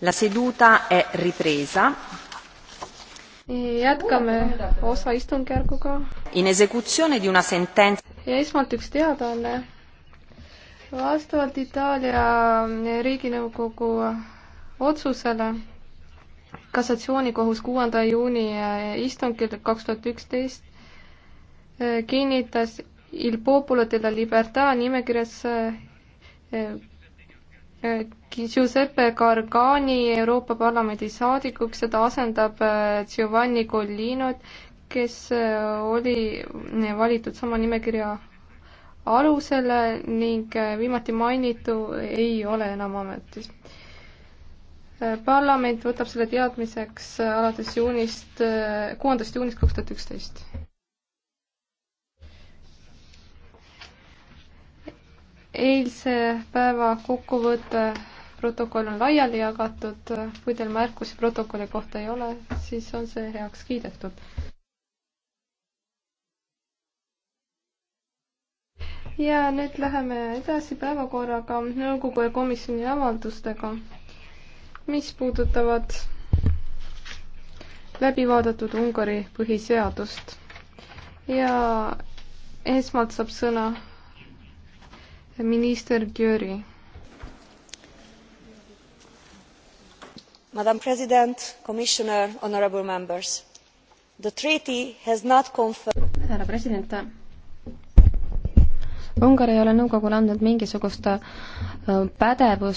La seduta è ripresa. jätkame osa istungjärguga. In esecuzione di una sentenza. ja esmalt üks teadaanne. vastavalt Itaalia riiginõukogu otsusele kassatsioonikohus kuuenda juuni istungil kaks tuhat üksteist eh, kinnitas Il Popolo della Libertà nimekirjas eh, Giuseppe Gargani Euroopa Parlamendi saadikuks, seda asendab äh, Giovanni Collinot, kes äh, oli äh, valitud sama nimekirja alusel ning viimati mainitu ei ole enam ametis. parlament võtab selle teadmiseks alates juunist, kuuendast juunist kaks tuhat üksteist. eilse päeva kokkuvõte protokoll on laiali jagatud, kui teil märkusi protokolli kohta ei ole, siis on see heaks kiidetud. ja nüüd läheme edasi päevakorraga nõukogu ja komisjoni avaldustega, mis puudutavad läbi vaadatud Ungari põhiseadust. ja esmalt saab sõna minister Gyuri. Madam President, Commissioner, Honorable Members. The treaty has not conferred härra president, Ungari ei ole nõukogule andnud mingisugust äh, pädevust